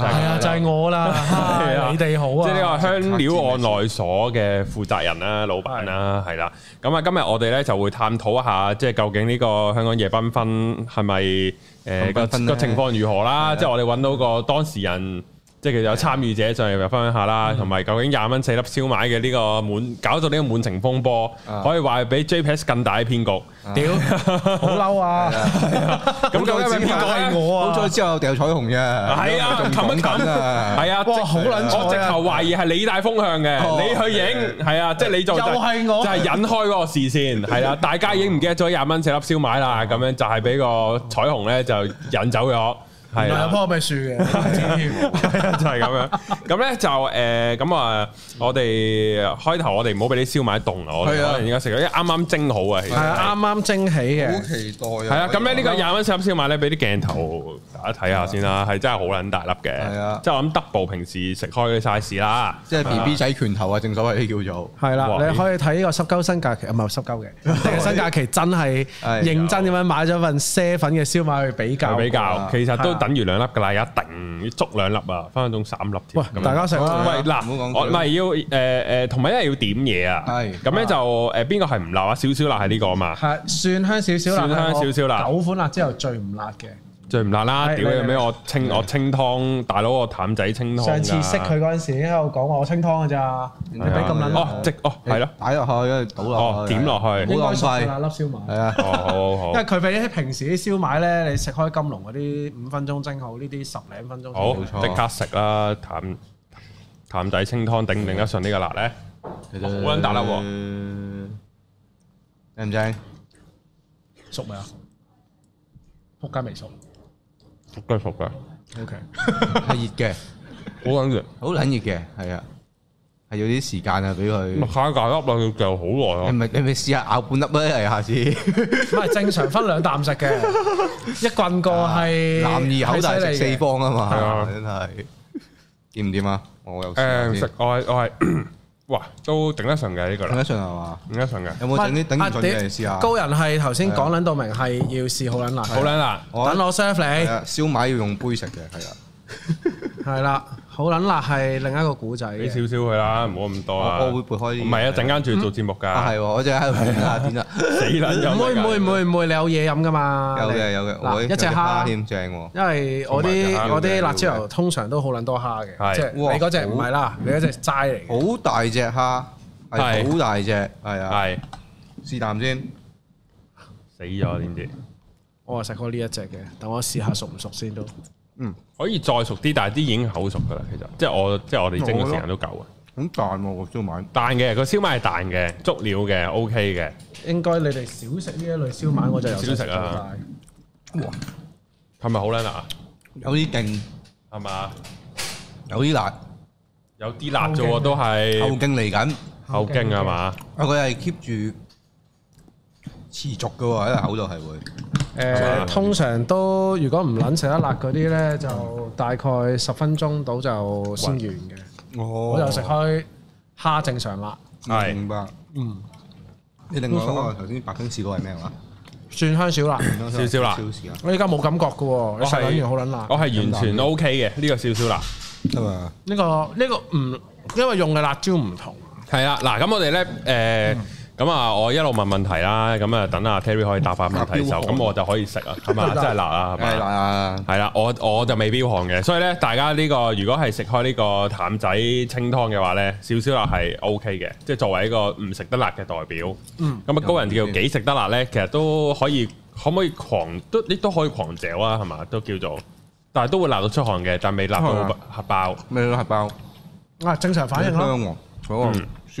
係啊，啊，就係、是、我啦、 啊，你哋好啊，即係呢個香料案內所嘅負責人啦、啊，老闆啦，係啦，咁啊，是啊啊嗯、今日我哋咧就會探討一下，即係究竟呢個香港夜繽紛係咪誒個情況如何啦、啊？是啊、即係我哋揾到個當事人。即係其實有參與者上嚟分享下啦，同埋究竟廿蚊四粒燒賣嘅呢個滿搞到呢個滿城風波，可以話係比 JPS 更大嘅騙局。屌，好嬲啊！咁究竟點解我啊？好彩之後掉彩虹啫。係啊，咁一咁啊，係啊！好撚，我直頭懷疑係你帶風向嘅，你去影係啊，即係你就就係引開嗰個視線係啦。大家已經唔記得咗廿蚊四粒燒賣啦，咁樣就係俾個彩虹咧就引走咗。係啊，樖咩樹嘅，真嘅，就係咁樣。咁咧就誒，咁啊，我哋開頭我哋唔好俾啲燒賣凍啊！我哋可能而家食啲啱啱蒸好啊，係啊，啱啱蒸起嘅，好期待。係啊，咁咧呢個廿蚊四粒燒賣咧，俾啲鏡頭大家睇下先啦，係真係好撚大粒嘅。係啊，即係我諗 double 平時食開嘅 size 啦，即係 BB 仔拳頭啊，正所謂叫做係啦。你可以睇呢個濕鳩新假期啊，唔係濕鳩嘅新假期，真係認真咁樣買咗份啡粉嘅燒賣去比較比較，其實都～等於兩粒㗎啦，一定要足兩粒啊！分分鐘三粒添。喂，大家食啊！喂、呃，嗱，我唔係要誒誒，同埋一係要點嘢啊。係。咁咧就誒，邊個係唔辣啊？少少辣係呢個啊嘛。係蒜，蒜香少少辣。蒜香少少辣。九款辣之後最唔辣嘅。嗯最唔辣啦！屌你咩？我清我清湯，大佬我淡仔清湯。上次識佢嗰陣時，喺度講話我清湯嘅咋？你俾咁撚～哦，即哦，係咯，擺落去跟住倒落去，點落去，好耐喇。粒燒賣，係啊，好好。因為佢比啲平時啲燒賣咧，你食開金龍嗰啲五分鐘蒸好呢啲十零分鐘。好，即刻食啦！淡淡仔清湯頂唔頂得順呢個辣咧？好撚大啦喎！你唔知？熟未啊？仆街未熟？熟嘅熟嘅，OK，係熱嘅，好撚熱，好撚熱嘅，係啊，係要啲時間啊，俾佢太大粒啦，要嚼好耐啊！唔係，你咪試下咬半粒咧，係下次。唔係正常分兩啖食嘅，一棍過係男二口大食四方啊嘛，真係掂唔掂啊？我又食，我係我係。哇，都頂得順嘅呢個，頂得順係嘛？頂得順嘅，有冇整啲頂得順嘅試下？高人係頭先講撚到明係要試好撚辣，好撚辣，等我 serve 你。啊、燒賣要用杯食嘅，係啦、啊，係啦、 啊。好撚辣係另一個古仔，俾少少佢啦，唔好咁多啊！我會撥開啲，唔係啊！陣間仲要做節目㗎，係喎，我真係天啊！死撚唔會唔會唔會，你有嘢飲㗎嘛？有嘅有嘅，嗱，一隻蝦添正喎，因為我啲啲辣椒油通常都好撚多蝦嘅。係你嗰隻唔係啦，你嗰隻齋嚟，好大隻蝦，係好大隻，係啊，係試啖先，死咗點啫？我係食過呢一隻嘅，等我試下熟唔熟先都。嗯，可以再熟啲，但係啲已經口熟噶啦。其實，即係我，即係我哋蒸嘅時間都夠啊。咁彈喎個燒賣，彈嘅個燒賣係彈嘅，足料嘅，OK 嘅。應該你哋少食呢一類燒賣，我就少食啊。哇，係咪好辣啊？有啲勁係嘛？有啲辣，有啲辣啫都係後勁嚟緊，後勁係嘛？啊，佢係 keep 住持續嘅喎，喺個口度係會。誒、嗯嗯、通常都如果唔撚食得辣嗰啲咧，就大概十分鐘到就先完嘅。我又食開蝦正常辣。係是明白。嗯。你另外頭先白兵試過係咩話？蒜香少辣、嗯，少少辣。我依家冇感覺嘅喎，一完好撚辣。我係完全 OK 嘅呢個少少辣。咁啊？呢個呢個唔，因為用嘅辣椒唔同。係啦，嗱咁我哋咧誒。呃嗯咁啊，我一路問問題啦，咁啊等阿 Terry 可以答翻問題時候，咁我就可以食啊，咁啊 真係辣啊，係辣啊，係啦， 我我就未飆汗嘅，所以咧大家呢、個如果係食開呢個淡仔清湯嘅話咧，少少辣係 OK 嘅，即、就、係、係、作為一個唔食得辣嘅代表。咁啊高人叫幾食得辣咧？其實都可以， 可唔可以狂都？你都可以狂嚼啊，係嘛？都叫做，但係都會辣到出汗嘅，但係未辣到核爆，未到核爆。啊，正常反應香好、嗯蒜香嗰、嗰個，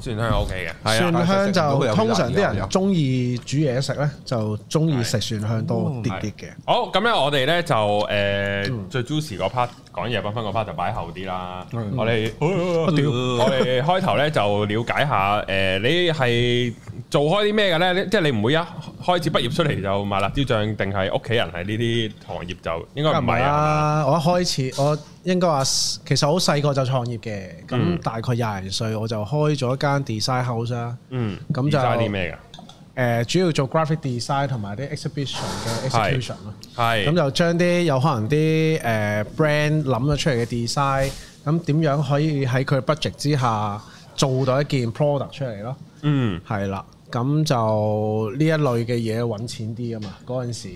蒜香 OK 嘅。啊、蒜香就通常啲人中意煮嘢食咧，就中意食蒜香多啲啲嘅。好，咁樣我哋咧就誒、呃，最 juicy part 講嘢部分，個 part、嗯、就擺後啲啦。嗯、我哋我哋開頭咧就了解下誒、呃，你係。做開啲咩嘅咧？即係你唔會一、啊、開始畢業出嚟就賣辣椒醬，定係屋企人喺呢啲行業就應該唔係啊！是是啊，我一開始我應該話其實好細個就創業嘅，咁大概廿零歲我就開咗間 design house 啦。嗯，咁就做啲咩嘅？誒、呃，主要做 graphic design 同埋啲 exhibition 嘅 execution 咯是。係咁是就將啲有可能啲誒、呃、brand 諗咗出嚟嘅 design，咁點樣可以喺佢嘅 budget 之下做到一件 product 出嚟咯？嗯，係啦。咁就呢一類嘅嘢揾錢啲啊嘛，嗰陣時，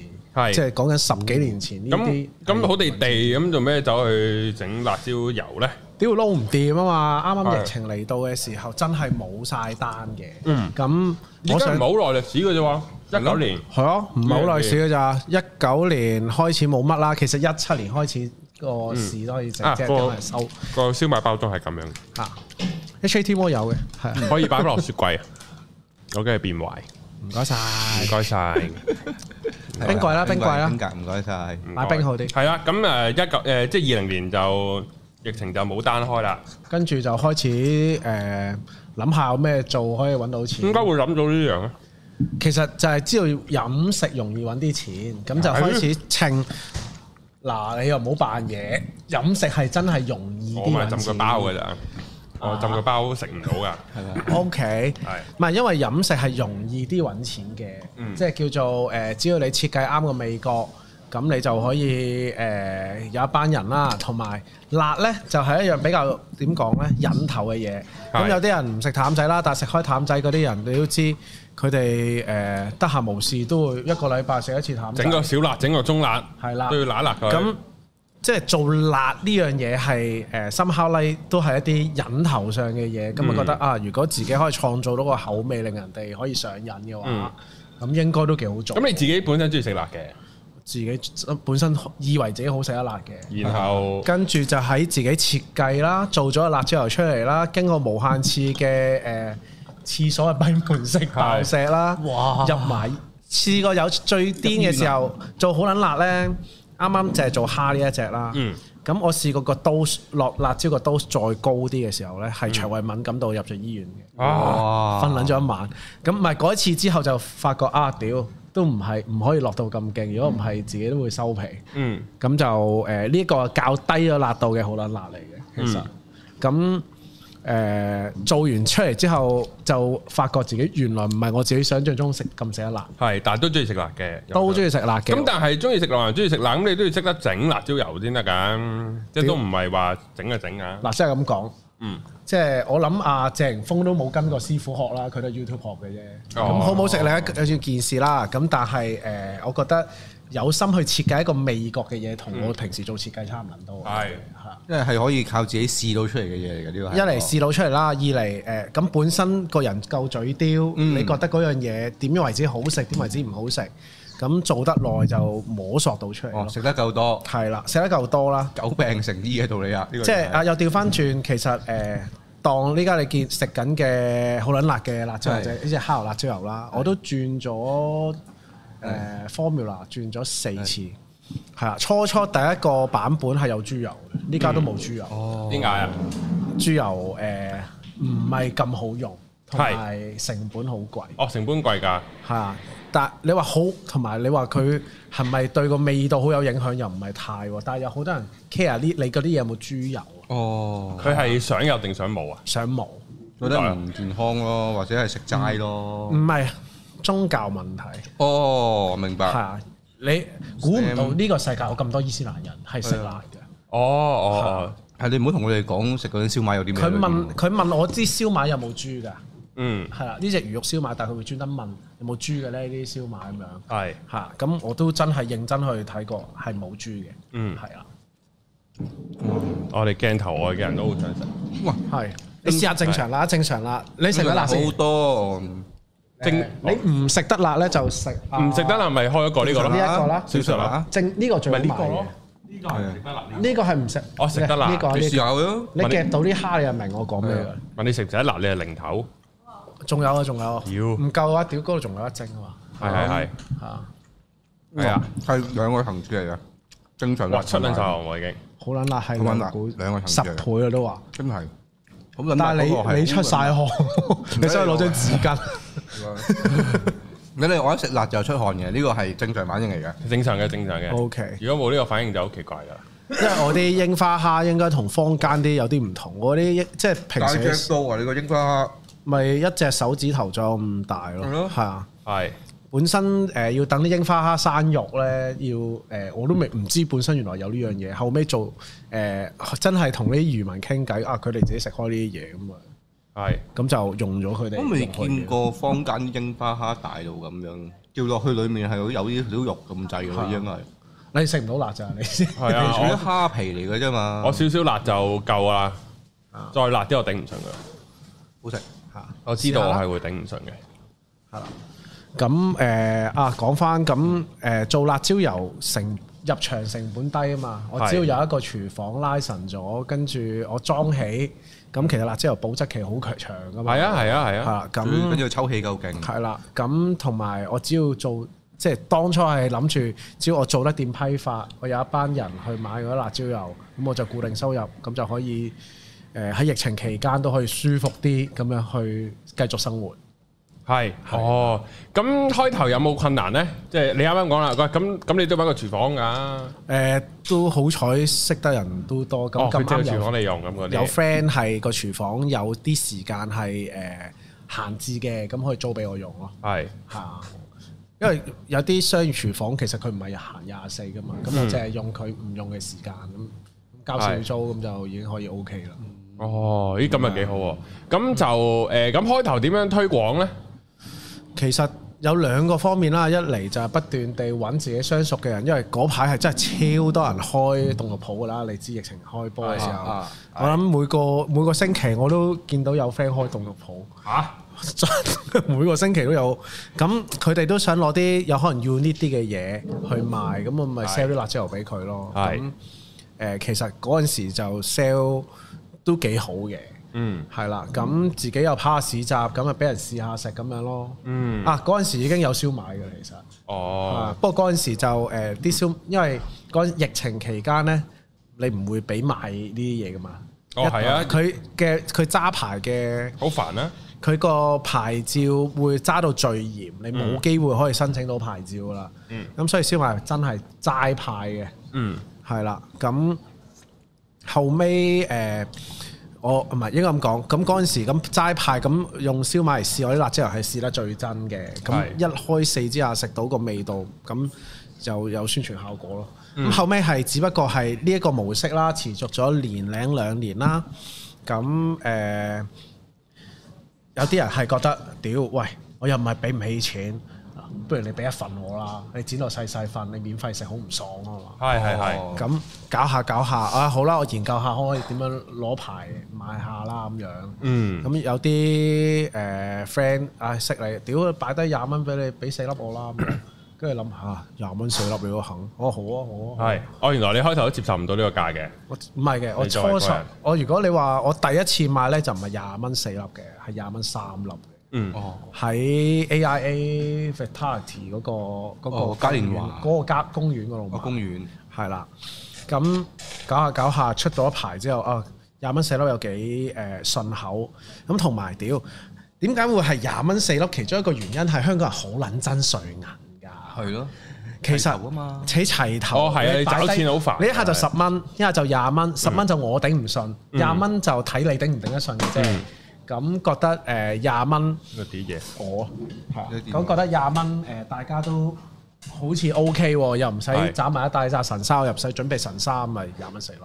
即係講緊十幾年前呢啲。咁咁好地地咁做咩走去整辣椒油咧？點撈唔掂啊嘛！啱啱疫情嚟到嘅時候，真係冇晒單嘅。嗯，咁我哋冇耐歷史嘅啫喎，一九年係咯，唔係好耐史嘅咋？一九年開始冇乜啦。其實一七年開始個市都可以整，即係收個燒賣包裝係咁樣嘅吓。H T One 有嘅係可以擺落雪櫃啊。我梗係變壞，唔該晒，唔該晒，冰櫃啦櫃，冰櫃啦，唔該晒，買冰好啲，係啦、啊，咁誒一九誒即係二零年就疫情就冇單開啦，跟住就開始誒諗、呃、下有咩做可以搵到錢，應該會諗到呢樣咯，其實就係知道飲食容易搵啲錢，咁就開始稱，嗱的、呃、你又唔好扮嘢，飲食係真係容易點。我咪浸個包噶咋？我浸個包食唔到噶，係啊 O K，係唔係因為飲食係容易啲揾錢嘅？即係叫做誒，只要你設計啱個味覺，咁你就可以誒有一班人啦。同埋辣呢，就係一樣比較點講呢？引頭嘅嘢。咁有啲人唔食譚仔啦，但係食開譚仔嗰啲人，你都知佢哋誒得閒無事都會一個禮拜食一次譚仔。整個小辣，整個中辣，係啦，都要辣辣佢。即係做辣呢樣嘢係誒，somehow like 都係一啲引頭上嘅嘢，咁我、嗯、覺得啊，如果自己可以創造到個口味，令人哋可以上癮嘅話，咁、嗯、應該都幾好做。咁你自己本身鍾意食辣嘅？自己本身以為自己好食得辣嘅。然後跟住就喺自己設計啦，做咗個辣椒油出嚟啦，經過無限次嘅誒廁所嘅冰盤式爆射啦，哇！入埋試過有最癲嘅時候，做好撚辣咧～啱啱就係做蝦呢一隻啦，咁、嗯、我試過個刀落辣椒個刀再高啲嘅時候咧，係腸胃敏感到入咗醫院嘅，瞓撚咗一晚。咁唔係嗰一次之後就發覺啊，屌都唔係唔可以落到咁勁，如果唔係自己都會收皮。咁、嗯、就誒呢一個較低咗辣度嘅好撚辣嚟嘅，其實咁。嗯誒、呃、做完出嚟之後，就發覺自己原來唔係我自己想像中食咁食得辣。係，但都中意食辣嘅，有冇都中意食辣嘅。咁但係中意食辣還中意食辣，你都要識得整辣椒油先得㗎，即係都唔係話整就整啊。嗱，真係咁講。嗯，即係、嗯、我諗阿、啊、謝霆鋒都冇跟個師傅學啦，佢都係 YouTube 學嘅啫。咁、嗯、好唔好食另一另件事啦。咁、嗯嗯、但係誒、呃，我覺得。有心去設計一個味覺嘅嘢，同我平時做設計差唔多。係，因為係可以靠自己試到出嚟嘅嘢嚟嘅。呢個一嚟試到出嚟啦，二嚟誒咁本身個人夠嘴刁，你覺得嗰樣嘢點樣為之好食，點為之唔好食，咁做得耐就摸索到出嚟。哦，食得夠多係啦，食得夠多啦。久病成醫嘅道理啊！即係啊，又調翻轉，其實誒，當呢家你見食緊嘅好撚辣嘅辣椒油，呢隻烤油辣椒油啦，我都轉咗。誒 formula 轉咗四次，係啊，初初第一個版本係有豬油嘅，呢家都冇豬油。嗯、哦，點解啊？豬油誒唔係咁好用，同埋成本好貴。哦，成本貴㗎。係啊，但係你話好，同埋你話佢係咪對個味道好有影響，又唔係太，但係有好多人 care 啲你嗰啲嘢有冇豬油啊？哦，佢係的想有定想冇啊？想冇，覺得唔健康咯，或者係食齋咯？唔係、嗯。宗教問題，哦，明白。係啊，你估唔到呢個世界有咁多伊斯蘭人係食辣嘅。哦哦，係你唔好同我哋講食嗰啲燒賣有啲咩。佢問佢問我知燒賣有冇豬㗎？嗯，係啦，呢隻魚肉燒賣，但係佢會專登問有冇豬嘅呢啲燒賣，咁樣係嚇，咁我都真係認真去睇過，係冇豬嘅。嗯，係啊。我哋鏡頭外嘅人都好真實。哇，係你試下，正常啦，正常啦，你食得辣好多。正你唔食得辣咧，就食唔食得辣咪開一個呢個咯，呢一個啦，少食啦。正呢個仲唔係呢個咯，呢個係食得辣。呢個係唔食。哦，食得辣。呢個有咯。你夾到啲蝦，你又明我講咩啦。問你食唔食得辣？你係零頭。仲有啊，仲有。要。唔夠嘅話，屌嗰度仲有一隻啊嘛。係係係。嚇。係啊，係兩個層次嚟嘅。正常。滑出兩頭嚟已經。好撚辣係。好撚辣。兩個層次。十倍啊都話。真係。但係你你出晒汗，你想去攞張紙巾。你哋我一食辣就出汗嘅，呢個係正常反應嚟嘅。正常嘅，正常嘅。O K，如果冇呢個反應就好奇怪啦。因為我啲櫻花蝦應該同坊間啲有啲唔同，我啲即係平時。大隻啊！呢個櫻花蝦咪一隻手指頭咁大咯，係啊的，係。本身誒要等啲櫻花蝦生肉咧，要誒我都未唔知本身原，原來有呢樣嘢。後尾做誒、呃、真係同啲漁民傾偈啊，佢哋自己食開呢啲嘢咁啊。係是，咁就用咗佢哋。我未見過坊間啲櫻花蝦大到咁樣，掉落去裡面係有啲少肉咁滯嘅，啊、應該係。你食唔到辣咋？你先。係啊，我 蝦皮嚟嘅啫嘛。我少少辣就夠啦，啊、再辣啲我頂唔順嘅。好食吓，啊、我知道我係會頂唔順嘅。係啦、啊。啊啊咁誒、呃、啊，講返咁誒做辣椒油成入場成本低啊嘛，我只要有一個廚房拉神咗，跟住我裝起，咁其實辣椒油保質期好長噶嘛。係啊，係啊，係啊。咁跟住抽氣夠勁。係啦、啊，咁同埋我只要做，即係當初係諗住，只要我做得掂批發，我有一班人去買嗰啲辣椒油，咁我就固定收入，咁就可以誒喺、呃、疫情期間都可以舒服啲咁樣去繼續生活。係，哦，咁開頭有冇困難咧？即、就、係、是、你啱啱講啦，喂，咁咁你都搵個廚房噶、啊？誒、呃，都好彩識得人都多，咁咁啱有、哦、廚房用有 friend 係個廚房有啲時間係誒閒置嘅，咁、呃、可以租俾我用咯。係是，吓，因為有啲商業廚房其實佢唔係行廿四噶嘛，咁我、嗯、淨係用佢唔用嘅時間咁交少租咁是就已經可以 O K 啦。哦，咦，咁又幾好，咁、嗯、就誒，咁、嗯呃、開頭點樣推廣咧？其實有兩個方面啦，一嚟就係不斷地揾自己相熟嘅人，因為嗰排係真係超多人開動物鋪㗎喇，嗯、你知疫情開波嘅時候。啊啊、我諗每個每個星期我都見到有 friend 開動物鋪。嚇、啊！ 每個星期都有，咁佢哋都想攞啲有可能要呢啲嘅嘢去賣，咁我咪 sell 啲辣椒油俾佢咯。其實嗰陣時就 sell 都幾好嘅。嗯，係啦，咁自己又趴下市集，咁啊俾人試下食咁樣咯。嗯，啊嗰陣時已經有燒賣嘅其實。哦。不過嗰陣時就誒啲燒，因為嗰個疫情期間呢，你唔會俾賣呢啲嘢噶嘛。哦，係一啊。佢嘅佢揸牌嘅。好煩啊！佢個牌照會揸到最嚴，你冇機會可以申請到牌照啦。嗯。咁所以燒賣真係齋派嘅、嗯呃呃。嗯，係啦，咁後尾。誒。我唔係應該咁講，咁嗰陣時咁齋派咁用燒賣嚟試，我啲辣椒油係試得最真嘅。咁是一開四之下食到個味道，咁就有宣傳效果咯。咁、嗯、後尾係只不過係呢一個模式啦，持續咗年零兩年啦。咁誒、呃，有啲人係覺得屌，喂，我又唔係俾唔起錢。不如你俾一份我啦，你剪落細細份，你免費食好唔爽啊嘛。係係係。咁、哦、搞下搞下啊，好啦，我研究下可唔可以點樣攞牌買下啦咁樣。嗯。咁有啲誒、呃、friend 啊識你，屌擺低廿蚊俾你，俾四粒我啦。跟住諗下，廿蚊四粒你都肯？我 好啊，啊好啊。係、啊，哦、啊啊、原來你開頭都接受唔到呢個價嘅。我唔係嘅，我初時我如果你話我第一次買咧就唔係廿蚊四粒嘅，係廿蚊三粒。嗯，喺 AIA Vitality 嗰，那個嗰嘉年華嗰個家公園嗰度個公園係啦，咁、哦、搞下搞下出到一排之後，啊、哦，廿蚊四粒有幾誒順口？咁同埋屌，點解會係廿蚊四粒？其中一個原因係香港人好撚憎碎銀㗎，係咯。其實啊嘛，扯齊，齊頭，哦啊，你找錢好煩。你一下就十蚊，的一下就廿蚊，十蚊就，就我頂唔順，廿蚊就睇你頂唔頂得順嘅啫。嗯咁覺得誒廿蚊，啲嘢，我咁覺得廿蚊誒，大家都好似 O K 喎，又唔使斬埋一大紮神沙入曬，準備神沙咪廿蚊四粒。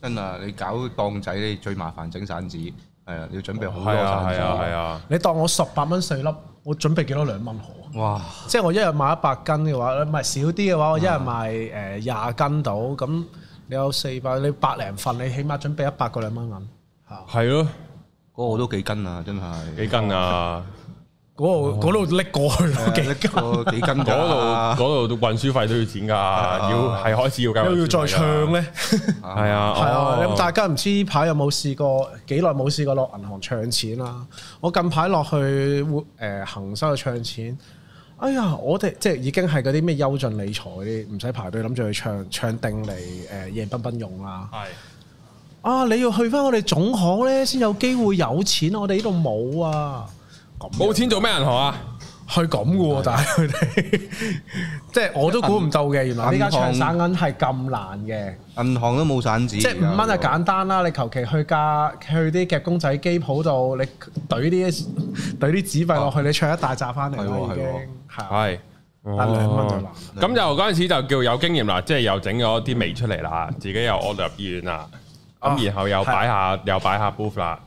真啊！你搞檔仔咧，最麻煩整散紙，係、嗯、啊，你要準備好多散、哦、啊係啊，啊你當我十八蚊四粒，我準備幾多兩蚊好？哇！即係我一日賣一百斤嘅話咧，唔係少啲嘅話，我一日賣誒廿斤到，咁你有四百，你百零份，你起碼準備一百個兩蚊銀嚇。係咯。嗰個都幾斤啊，真係幾斤啊！嗰度拎過去都幾斤、啊，啊、幾斤㗎、啊！嗰度嗰度運輸費都要錢㗎、啊，啊、要係開始要㗎。又要再唱咧，係啊，係 啊！咁、哦、大家唔知依排有冇試過幾耐冇試過落銀行唱錢啦、啊？我近排落去誒恆生去唱錢，哎呀，我哋即係已經係嗰啲咩優進理財嗰啲，唔使排隊，諗住去唱唱定嚟誒夜繽紛用啦、啊，係。啊！你要去翻我哋總行咧，先有機會有錢。我哋呢度冇啊，冇錢做咩銀行啊？係咁噶喎，但係即係我都估唔到嘅。原來呢家唱散銀係咁難嘅，銀行都冇散紙。即係五蚊就簡單啦。你求其去架去啲夾公仔機鋪度，你懟啲懟啲紙幣落去，你唱一大紮翻嚟啦已經。係，賺兩蚊。咁就嗰陣時就叫有經驗啦，即係又整咗啲味出嚟啦，自己又屙入醫院啦。咁、啊、然後又擺下又擺、啊、下 booth 啦，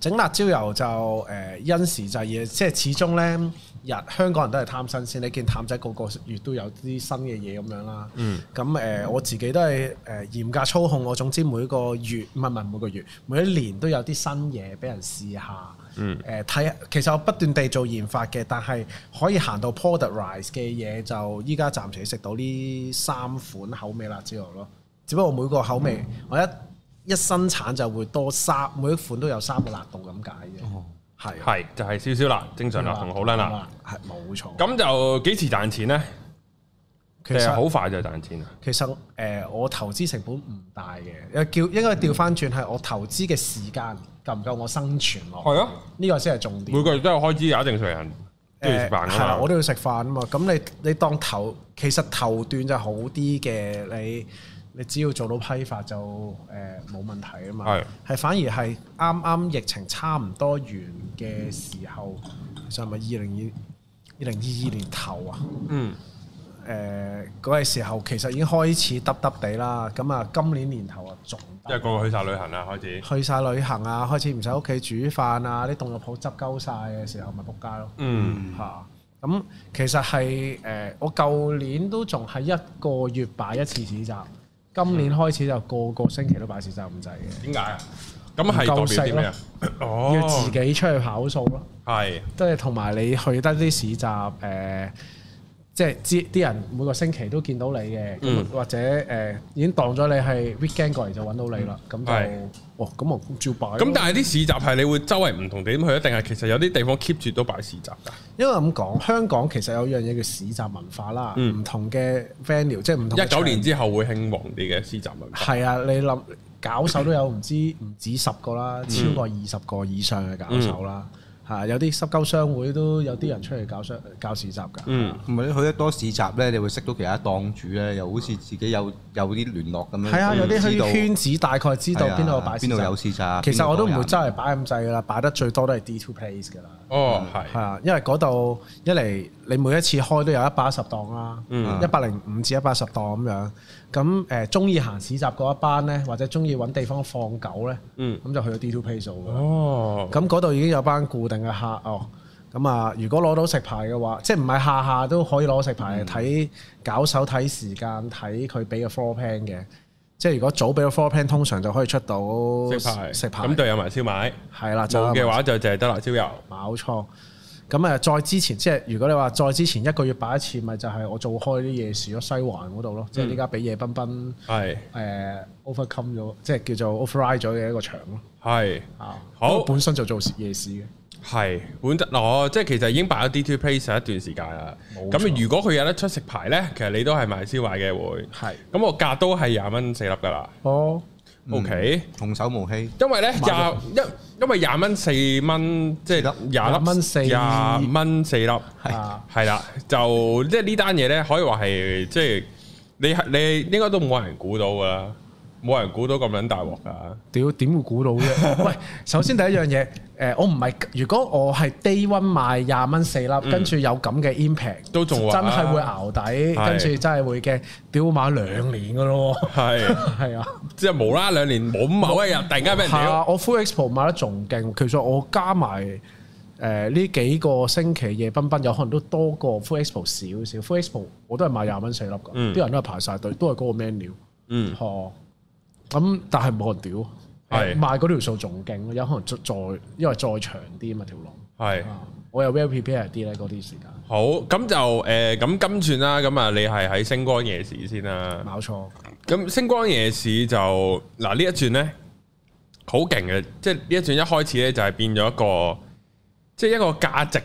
整 辣椒油就誒、呃、因時制、就、宜、是，即係始終呢日香港人都係貪新鮮，你見譚仔個個月都有啲新嘅嘢咁樣啦。嗯，咁誒、呃、我自己都係誒、呃、嚴格操控，我總之每個月唔係唔係每個月，每一年都有啲新嘢俾人試下。嗯，誒睇、呃、其實我不斷地做研發嘅，但係可以行到 polarize 嘅嘢就依家暫時食到呢三款口味辣椒油咯。只不過每個口味、嗯、我一，我一一生產就會多三，每一款都有三個辣度咁解嘅，係係、嗯啊、就係少少辣，正常辣同、啊、好辣辣，係冇、啊、錯。咁就幾時賺錢咧？其實好快就係賺錢啦。其實誒、呃，我投資成本唔大嘅，叫應該調翻轉係我投資嘅時間夠唔夠我生存咯？係啊，呢個先係重點。每個月都有開支，打正常人、呃、都要食飯㗎嘛、啊。我都要食飯啊嘛。咁、嗯、你你當頭其實頭段就好啲嘅你。你只要做到批發就誒冇、呃、問題啊嘛，係係，反而係啱啱疫情差唔多完嘅時候，就係咪二零二二零二二年頭啊？嗯，誒嗰、呃那個時候其實已經開始耷耷地啦。咁啊，今年年頭啊仲即係個個去晒旅行啦，開始去晒旅行啊，開始唔使屋企煮飯啊，啲凍肉鋪執鳩晒嘅時候咪仆街咯。嗯，嚇咁、嗯啊、其實係誒、呃，我舊年都仲係一個月擺一次市集。今年開始就個個星期都擺市集咁滯嘅。點解？咁係代表啲咩？哦，要自己出去跑數咯，係、哦，即係同埋你去得啲市集誒。呃即係知啲人每個星期都見到你嘅，嗯、或者誒、呃、已經當咗你係 weekend 過嚟就揾到你啦，咁、嗯、就的哇咁我照擺、啊。咁但係啲市集係你會周圍唔同地點去，定係其實有啲地方 keep 住都擺市集㗎？因為咁講，香港其實有一樣嘢叫市集文化啦，唔、嗯、同嘅 venue 即係唔同。一九年之後會興旺啲嘅市集文化啊？係啊，你諗搞手都有唔知唔 止十個啦，超過二十個以上嘅搞手啦。嗯嗯啊！有啲濕鳩商會都有啲人出嚟搞商搞市集㗎。嗯，唔係的去得多市集咧，你會識到其他檔主咧，嗯、又好似自己有有啲聯絡咁樣。係啊、嗯，有啲圈子大概知道邊度的擺市集。邊度有市集？市集其實我都唔會真係擺咁滯㗎啦，擺得最多都係 D2 Place 㗎啦。哦，係，係啊，因為嗰度一嚟你每一次開都有一百十檔啦、啊，一百零五至一百十檔咁樣，咁誒中意行市集嗰一班呢，或者中意揾地方放狗呢，咁、mm hmm. 就去咗 D Two Pay 做哦，咁嗰度已經有班固定嘅客哦。咁啊，如果攞到食牌嘅話，即係唔係下下都可以攞食牌？睇、mm hmm. 搞手，睇時間，睇佢俾個 floor plan 嘅。即係如果早俾咗 four plan，通常就可以出到食，食牌。咁牌就有埋燒賣。係啦的，冇嘅話就淨係得辣椒油。冇錯。咁啊，再之前即係如果你話再之前一個月擺一次，咪就係、是、我做開啲夜市咯，西環嗰度咯。即係依家俾夜彬彬係誒 overcome 咗，即係叫做 override 咗嘅一個場咯。係，好本身就做夜市嘅，係，本，嗱，即係其實已經擺咗 D2 Place 一段時間啦。咁如果佢有得出食牌咧，其實你都係賣燒賣嘅會，係，咁我價都係廿蚊四粒噶啦。哦，OK，童叟無欺，因為咧廿一，因為廿蚊四蚊，即係廿粒蚊四，廿蚊四粒，係，係啦，就即係呢單嘢咧，可以話係即係你你應該都冇人估到噶啦。冇人估到咁撚大鑊㗎！屌點會估到啫？喂，首先第一樣嘢，誒，我唔係，如果我係 day one 買廿蚊四粒，跟住、嗯、有咁嘅 impact，都仲話真係會熬底，跟住的真係會嘅。屌買兩年㗎咯喎！係係啊，的的即係無啦啦兩年冇某一日，突然間俾人屌、嗯嗯！我 full expo 買得仲勁，其實我加埋誒呢幾個星期夜繽紛，有可能都多過 full expo 少少。full expo 我都係買廿蚊四粒㗎，啲人都係排晒隊，都係嗰個 menu 嗯，嗯咁、嗯、但係冇人屌，係賣嗰條數仲勁，有可能再因為再長啲啊嘛條路，係是、嗯，我又 VIP r 啲咧嗰啲時間。好，咁就誒咁、呃、今轉啦，咁啊你係喺星光夜市先啦？冇錯錯。咁星光夜市就嗱呢一轉咧，好勁嘅，即係呢一轉一開始咧就係變咗一個，即、就、係、是、一個價值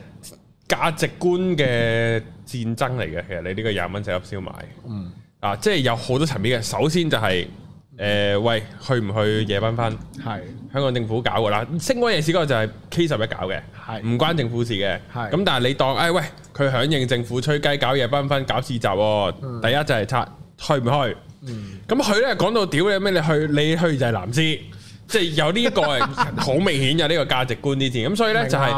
價值觀嘅戰爭嚟嘅。其實你呢個廿蚊四粒燒賣，嗯啊，即係有好多層面嘅，首先就係、是。誒、呃、喂，去唔去夜班分？係的香港政府搞㗎啦，星威夜市嗰個就係 K 十一搞嘅，係唔的關政府事嘅。係咁的，但係你當誒、哎、喂，佢響應政府吹雞，搞夜班分，搞市集喎、哦。的第一就係拆，去唔去？咁佢咧講到屌你咩？你去你去就係藍字。即係有呢個係好明顯有呢、呢個價值觀啲嘢，咁所以呢，啊、就係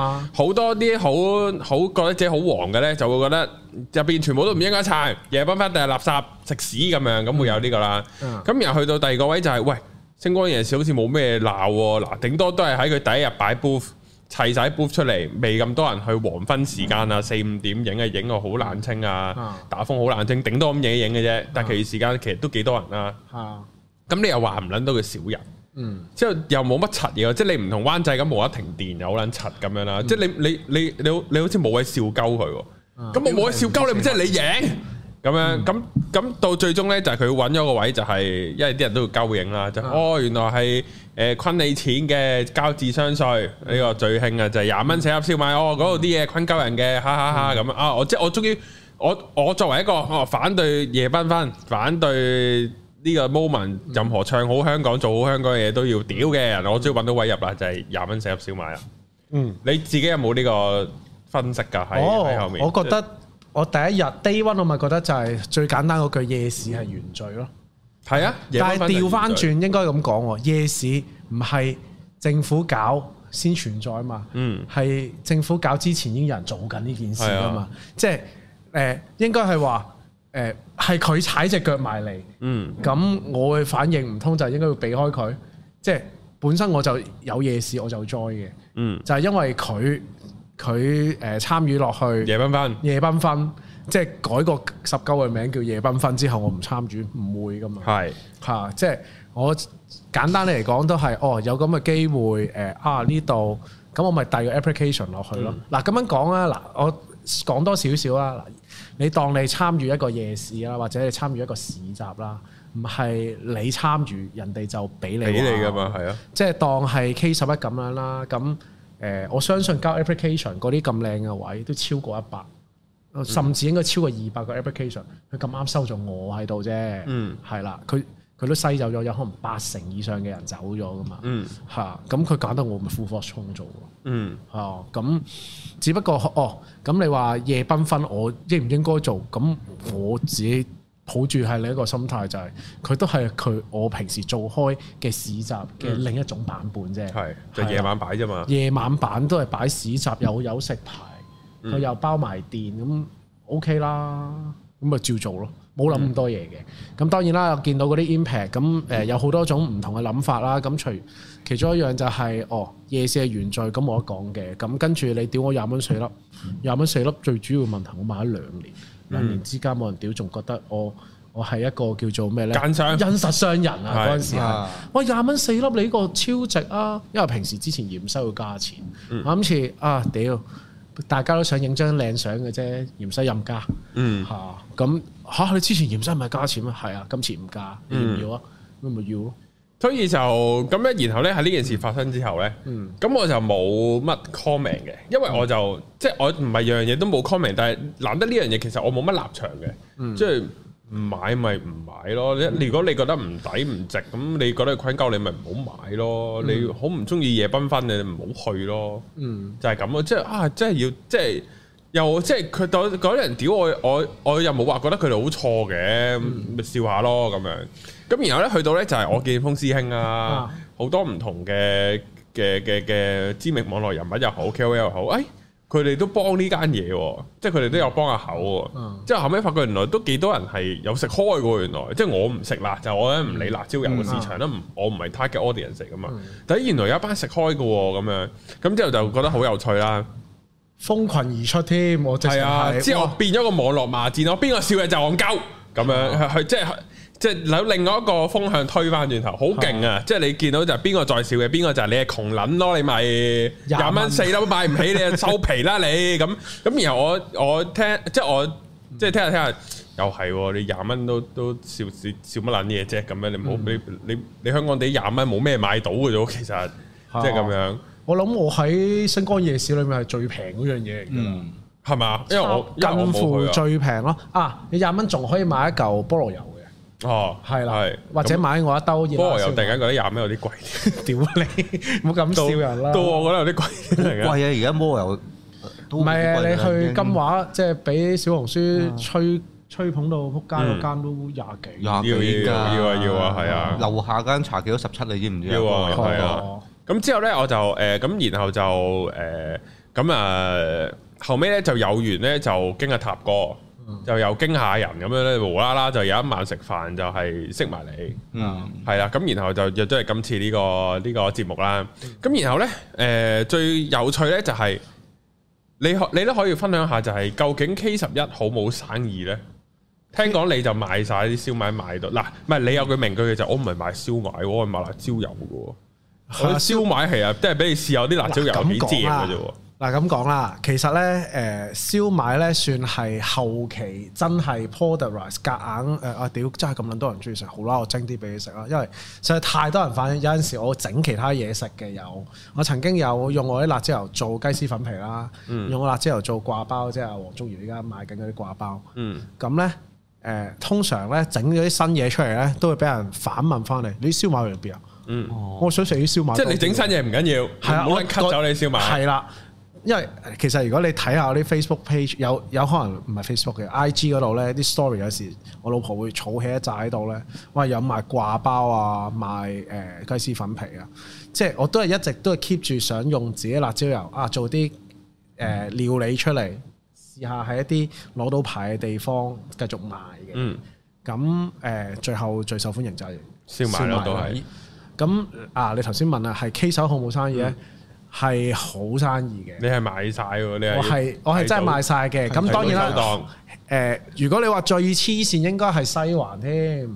好多啲好好覺得自己好黃嘅呢，就會覺得入邊全部都唔應該拆，夜繽紛定係垃圾食屎咁樣，咁會有呢個啦。咁然後去到第二個位就係、是、喂星光夜市好似冇咩鬧，嗱，頂多都係喺佢第一日擺 booth 砌晒 booth 出嚟，未咁多人去黃昏時間啊，四五、嗯、點影啊影啊好冷清啊，嗯、打風好冷清，頂多咁影一影嘅啫。嗯、但其他時間其實都幾多人啦、啊。咁、嗯、你又話唔撚到佢少人？嗯，之後又冇乜柒嘢咯，即係你唔同灣仔咁冇得停電又好撚柒咁樣啦，即係你你你你好似冇位笑鳩佢喎，咁我冇位笑鳩你，即係你贏咁樣，咁咁到最終呢，就係佢揾咗個位就係、是，因為啲人都要鳩影啦，就、嗯、哦原來係誒坤你錢嘅交智商稅呢、呢個最興啊，就係廿蚊四粒燒賣，哦嗰度啲嘢坤鳩人嘅，哈哈哈咁啊我即係我終於我我作為一個我反對夜繽紛，反對。呢個 moment，任何唱好香港、做好香港嘅嘢都要屌嘅，我最揾到位入啦，就係廿蚊四粒燒賣。啊！嗯，你自己有冇呢個分析噶？喺喺、哦、後面，我覺得我第一日 day one 我咪覺得就係最簡單嗰句夜市係原罪咯。係啊，但係調翻轉應該咁講，夜市唔係、嗯啊、政府搞先存在嘛。嗯，係政府搞之前已經有人做緊呢件事啊嘛。即係誒、呃，應該係話。誒係佢踩隻腳埋嚟，嗯，咁我嘅反應唔通就應該要避開佢，即係本身我就有夜市我就栽嘅，嗯，就係因為佢佢誒參與落去夜繽紛，夜繽紛，即係改個十九個名叫夜繽紛之後，我唔參與唔會噶嘛，係嚇是、啊，即係我簡單嚟講都係，哦，有咁嘅機會，誒啊呢度，咁、啊、我咪遞個 application 落去咯。嗱咁、嗯、樣講啦，嗱我講多少少啦。你當你參與一個夜市啦，或者你參與一個市集啦，唔係你參與，人哋就俾你。俾你㗎嘛，係啊。即係當係 K11 咁樣啦，咁誒、呃，我相信交 application 嗰啲咁靚嘅位，都超過一百，甚至應該超過二百個 application，佢咁啱收咗我喺度啫。嗯，係啦，佢。佢都嘥走咗，有可能八成以上嘅人走咗㗎嘛？嗯，吓咁佢講到我咪庫貨充足喎。嗯，吓咁、啊、只不過哦，咁你話夜繽紛我應唔應該做？咁我自己抱住係另一個心態就係、是，佢都係佢我平時做開嘅市集嘅另一種版本啫。係是，啊、就夜晚擺啫嘛。夜晚版都係擺市集，有有食牌，佢、嗯、又包埋電，咁 OK 啦，咁咪照做咯。冇諗咁多嘢嘅，咁當然啦，我見到嗰啲 impact，咁誒有好多種唔同嘅諗法啦。咁除其中一樣就係、是，哦夜市係原罪。咁冇得講嘅。咁跟住你屌我廿蚊四粒，廿蚊四粒最主要問題，我賣咗兩年，嗯、兩年之間冇人屌，仲覺得我我係一個叫做咩咧？奸商相，殷實商人啊！嗰陣是時係，哇廿蚊四粒你呢個超值啊！因為平時之前驗收嘅價錢，諗似、嗯、啊屌，大家都想影張靚相嘅啫，驗收任加，嚇咁、嗯。嗯嗯嗯嗯吓、啊、你之前鹽山咪加錢啊，係啊，今次唔加，要唔要啊？咁咪、嗯、要咯。Ids, 所以就咁樣，然後咧喺呢件事發生之後咧，嗯，咁我就冇乜 comment 嘅，嗯、因為我就即係我唔係樣樣嘢都冇 comment，但係諗得呢樣嘢，其實我冇乜立場嘅，即係唔買咪唔買咯。你如果你覺得唔抵唔值，咁、嗯、你覺得困鳩你咪唔好買咯。你好唔中意夜繽紛你唔好去咯。嗯，就係咁咯，即係啊，即係要即係。又即係佢嗰嗰啲人屌我，我我又冇話覺得佢哋好錯嘅，咪、嗯、笑下咯咁樣。咁然後咧去到咧就係、是、我見風師兄啊，好、嗯啊、多唔同嘅嘅嘅嘅知名網絡人物又好，KOL 又好，誒、哎，佢哋都幫呢間嘢，即係佢哋都有幫下口、啊，即係、嗯、後尾發覺原來都幾多人係有食開嘅，原來即係我唔食辣，就是、我咧唔理辣椒油嘅市場啦，嗯嗯、我唔係 target audience 食噶嘛，嗯嗯、但係原來有一班食開嘅咁樣，咁之後就覺得好有趣啦。蜂群而出添，我即係之後變咗個網絡罵戰咯。邊個笑嘅就戇鳩咁樣，佢即係即係另外一個風向推翻轉頭，好勁啊！即係你見到就係邊個在笑嘅，邊個就係你係窮卵咯，你咪廿蚊四粒都買唔起，你收皮啦你！咁咁然後我我聽即係我即係聽下聽下，又係你廿蚊都都笑笑笑乜撚嘢啫！咁樣你唔好你你你香港地廿蚊冇咩買到嘅啫，其實即係咁樣。我諗我喺星光夜市裏面係最平嗰樣嘢嚟㗎，係咪啊？因為我近乎最平咯。啊，你廿蚊仲可以買一嚿菠蘿油嘅。哦，係啦，係。或者買我一兜。菠蘿油突然間覺得廿蚊有啲貴，屌你，唔好咁笑人啦。都我覺得有啲貴嚟嘅。喂啊！而家菠蘿油都唔係啊！你去金華即係俾小紅書吹吹捧到撲街嗰間都廿幾。廿幾要要要啊要啊係啊！樓下間茶記都十七，你知唔知啊？要啊，係啊。咁之後呢，我就誒咁，呃、然後就誒咁、呃、啊，後尾呢，就有緣呢，就經下塔哥，嗯、就又經下人咁樣咧，無啦啦就有一晚食飯就係識埋你，係啦、嗯。咁然後就約咗嚟今次呢、呢個呢、呢個節目啦。咁然後呢，誒、呃、最有趣呢、就係，就係你你都可以分享下就係究竟 K 十一好冇生意呢？聽講你就賣晒啲燒賣賣到嗱，唔係你有句名句嘅就係、我唔係賣燒賣喎，賣辣椒油嘅喎。佢、啊、燒賣其啊，即係俾你試有啲辣椒油幾支嘅啫。嗱咁講啦，其實咧誒、呃、燒賣咧算係後期真係 popular，i 夾硬誒、呃、啊屌真係咁撚多人中意食。好啦，我蒸啲俾你食啦。因為實在太多人反映。有陣時我整其他嘢食嘅有，我曾經有用我啲辣椒油做雞絲粉皮啦，嗯、用我辣椒油做掛包，即係黃宗如依家賣緊嗰啲掛包。咁咧誒通常咧整咗啲新嘢出嚟咧，都會俾人反問翻你：你燒賣去邊啊？嗯，我想食啲燒賣。即係你整新嘢唔緊要，係啊，冇人吸走你燒賣。係啦，因為其實如果你睇下啲 Facebook page，有有可能唔係 Facebook 嘅 IG 嗰度咧，啲 story 有時我老婆會儲起一扎喺度咧，哇，有賣掛包啊，賣誒雞絲粉皮啊，即係我都係一直都係 keep 住想用自己辣椒油啊做啲誒料理出嚟，試下喺一啲攞到牌嘅地方繼續賣嘅。嗯，咁誒最後最受歡迎就係燒賣都係。咁啊！你頭先問啊，係 K 手好冇生意咧？係、嗯、好生意嘅。你係買晒喎？你係我係我係真係買晒嘅。咁是當然啦，誒、呃，如果你話最黐線應該係西環添，誒、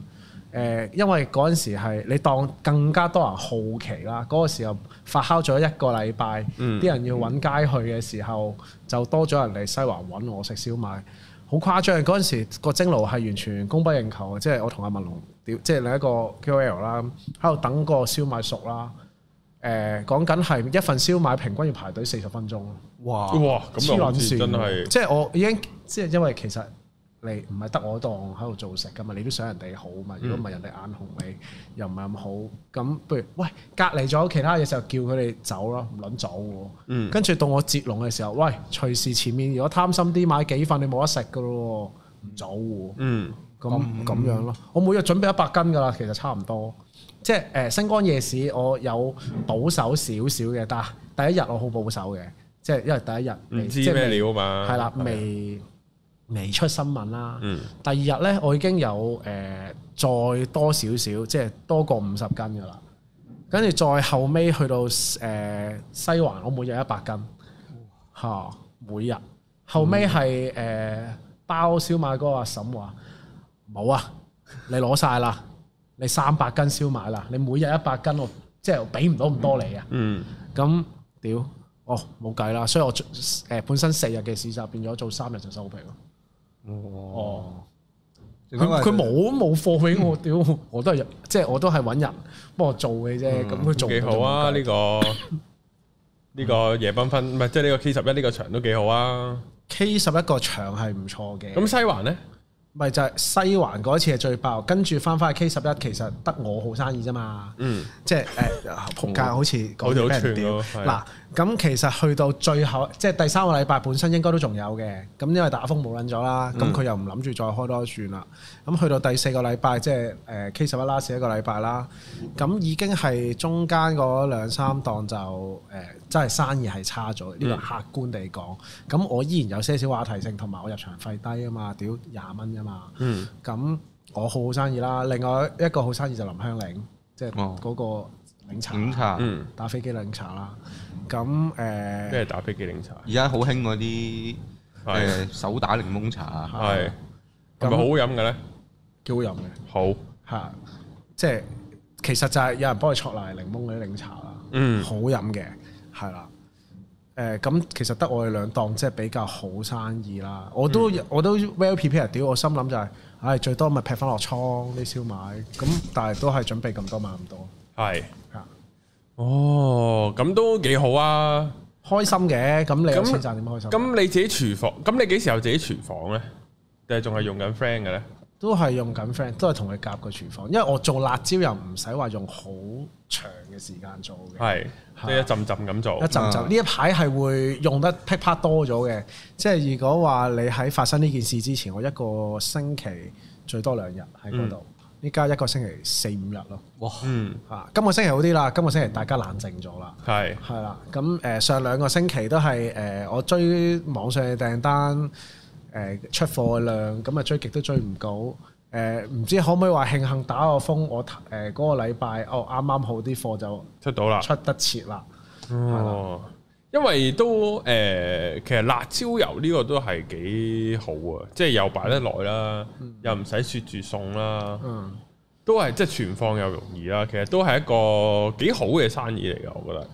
呃，因為嗰陣時係你當更加多人好奇啦。嗰個時候發酵咗一個禮拜，啲、嗯、人要揾街去嘅時候，嗯、就多咗人嚟西環揾我食燒賣。好誇張！嗰陣時個蒸爐係完全供不應求啊！即係我同阿文龍，即係另一個 K.O.L 啦，喺度等個燒賣熟啦。誒、呃，講緊係一份燒賣平均要排隊四十分鐘。哇！黐撚線，即係我已經即係因為其實。你唔係得我當喺度做食噶嘛？你都想人哋好嘛？如果唔係人哋眼紅你又唔係咁好，咁不如喂隔離咗其他嘢時候叫佢哋走咯，唔撚走喎、啊。嗯，跟住到我接龍嘅時候，喂，隨時前面如果貪心啲買幾份，你冇得食噶咯，唔走喎、啊。嗯，咁咁樣咯。嗯、我每日準備一百斤噶啦，其實差唔多。即係誒星光夜市，我有保守少少嘅，但第一日我好保守嘅，即係因為第一日唔知咩料嘛，係啦，未。未出新聞啦，第二日咧我已經有誒、呃、再多少少，即係多過五十斤噶啦。跟住再後尾去到誒、呃、西環，我每日一百斤嚇、啊，每日後尾係誒包燒賣哥阿嬸話冇啊，你攞晒啦，你三百斤燒賣啦，你每日一百斤，我即係俾唔到咁多你啊。咁屌、嗯嗯，哦冇計啦，所以我誒、呃、本身四日嘅市集變咗做三日就收皮咯。哦，佢冇冇貨俾我，屌！我都係即係，就係、我都係搵人幫我做嘅啫。咁佢、嗯、做幾好啊？呢個呢個夜繽紛唔係即係呢個 K 十一呢個場都幾好啊。K 十一個場係唔錯嘅。咁西環咧，咪就係西環嗰次係最爆，跟住翻翻去 K 十一，其實得我好生意啫嘛。嗯，即係誒，仆、欸、街好似講咗俾人嗱。咁其實去到最後，即係第三個禮拜本身應該都仲有嘅。咁因為打風冇撚咗啦，咁佢、嗯、又唔諗住再開多一轉啦。咁去到第四個禮拜，即係誒 K11 last 一個禮拜啦。咁已經係中間嗰兩三檔就誒，真係生意係差咗。呢、嗯、個客觀地講，咁我依然有些少話題性，同埋我入場費低啊嘛，屌廿蚊啊嘛。咁、嗯、我好好生意啦。另外一個好生意就林香玲，即係嗰個。哦飲茶，嗯，打飛機檸茶啦。咁誒，咩打飛機檸茶？而家好興嗰啲誒手打檸檬茶啊，係咁係好飲嘅咧，幾好飲嘅，好吓，即係其實就係有人幫你搓爛檸檬嗰啲檸茶啦，嗯，好飲嘅係啦。誒，咁、呃、其實得我哋兩檔即係比較好生意啦。我都、嗯、我都 well prepared 啊，屌！我心諗就係、是，唉，最多咪劈翻落倉啲燒賣咁，但係都係準備咁多買咁多。係吓，哦，咁都幾好啊，開心嘅，咁你有錢賺點開心？咁你自己廚房，咁你幾時候自己廚房咧？定係仲係用緊 friend 嘅咧？都係用緊 friend，都係同佢夾個廚房，因為我做辣椒又唔使話用好長嘅時間做嘅，係即係一浸浸咁做，是一浸浸。呢、嗯、一排係會用得劈 part 多咗嘅，即係如果話你喺發生呢件事之前，我一個星期最多兩日喺嗰度。嗯依家一個星期四五日咯，哇！嚇、嗯，今個星期好啲啦，今個星期大家冷靜咗啦，係係啦。咁誒上兩個星期都係誒、呃、我追網上嘅訂單，誒、呃、出貨量咁啊追極都追唔到，誒、呃、唔知可唔可以話慶幸打個風，我誒嗰、呃嗰個禮拜哦啱啱好啲貨就出，出到啦，出得切啦，哦。因為都誒、呃，其實辣椒油呢個都係幾好啊，即係又擺得耐啦，嗯、又唔使雪住送啦，嗯、都係即係存放又容易啦。其實都係一個幾好嘅生意嚟嘅，我覺得。誒、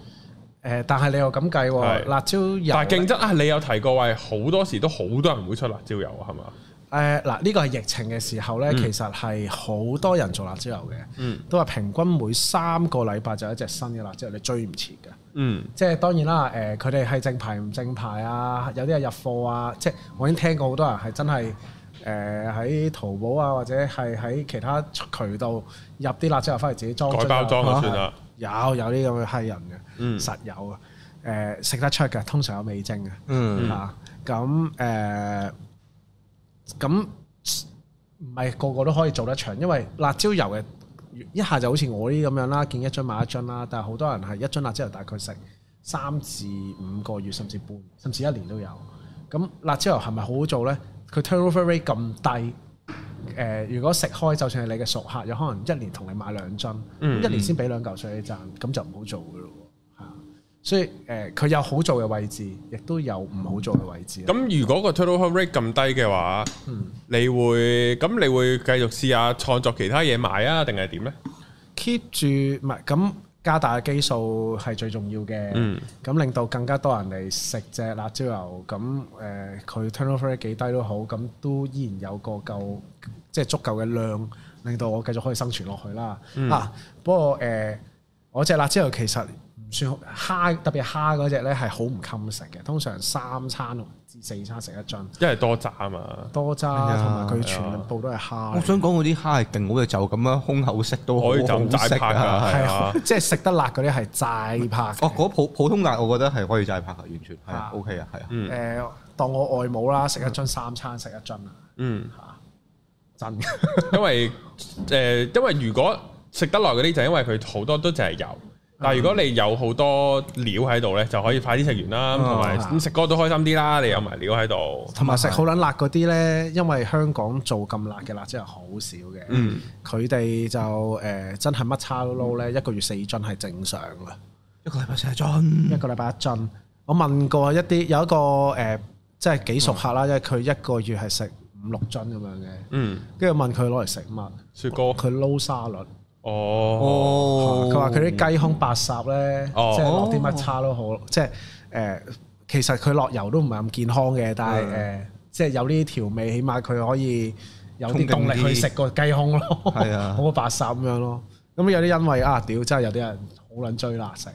呃，但係你又咁計是辣椒油，但係競爭啊，你有提過話好多時都好多人會出辣椒油啊，係嘛？誒、呃，嗱，呢個係疫情嘅時候咧，嗯、其實係好多人做辣椒油嘅，嗯，都係平均每三個禮拜就有一隻新嘅辣椒油，你追唔切噶。嗯，即係當然啦，誒佢哋係正牌唔正牌啊，有啲係入貨啊，即係我已經聽過好多人係真係誒喺淘寶啊，或者係喺其他渠道入啲辣椒油翻嚟自己裝改包裝算啊，有有啲咁嘅閪人嘅，嗯、實有啊。誒、呃、食得出嘅，通常有味精嘅，嚇咁誒咁唔係個個都可以做得長，因為辣椒油嘅。一下就好似我呢啲咁樣啦，見一樽買一樽啦，但係好多人係一樽辣椒油大概食三至五個月，甚至半，甚至一年都有。咁辣椒油係咪好好做咧？佢 turnover rate 咁低，誒、呃，如果食開，就算係你嘅熟客，有可能一年同你買兩樽，嗯嗯一年先俾兩嚿水你賺，咁就唔好做嘅咯。所以誒，佢、呃、有好做嘅位置，亦都有唔好做嘅位置。咁、嗯、如果個 turnover rate 咁低嘅話，嗯，你會咁你會繼續試下創作其他嘢賣啊，定係點咧？keep 住唔係咁加大嘅基數係最重要嘅。嗯，咁令到更加多人嚟食隻辣椒油。咁誒，佢、呃、turnover rate 幾低都好，咁都依然有個夠即係、就是、足夠嘅量，令到我繼續可以生存落去啦。嗯、啊，不過誒、呃，我隻辣椒油其實～算蝦特別蝦嗰隻咧係好唔襟食嘅，通常三餐四餐食一樽，因為多渣啊嘛，多渣同埋佢全部都係蝦。我想講嗰啲蝦係勁好嘅，就咁樣空口食都好可好食啊，係 啊，即係食得辣嗰啲係齋拍。哦，普普通辣我覺得係可以齋拍完全係 OK 啊，係啊，誒、okay，啊嗯、當我外母啦，食一樽三餐食一樽、嗯、啊，嗯，嚇真 因為誒、呃，因為如果食得耐嗰啲就因為佢好多都淨係油。但如果你有好多料喺度咧，就可以快啲食完啦，同埋咁食個都開心啲啦。你有埋料喺度，同埋食好撚辣嗰啲咧，因為香港做咁辣嘅辣汁係好少嘅。嗯，佢哋就誒、呃、真係乜叉都撈咧，嗯、一個月四樽係正常嘅，嗯、一個禮拜四樽，嗯、一個禮拜一樽。我問過一啲有一個誒，即、呃、係幾熟客啦，嗯、因為佢一個月係食五六樽咁樣嘅。嗯，跟住問佢攞嚟食乜？雪糕？佢撈沙律。哦，佢話佢啲雞胸白烚咧，oh, 即係落啲乜叉都好，oh, oh. 即係誒、呃，其實佢落油都唔係咁健康嘅，但係誒、mm. 呃，即係有呢啲調味，起碼佢可以有啲動力去食個雞胸咯，係啊，好過白烚咁樣咯。咁有啲因為啊，屌真係有啲人好撚追辣食，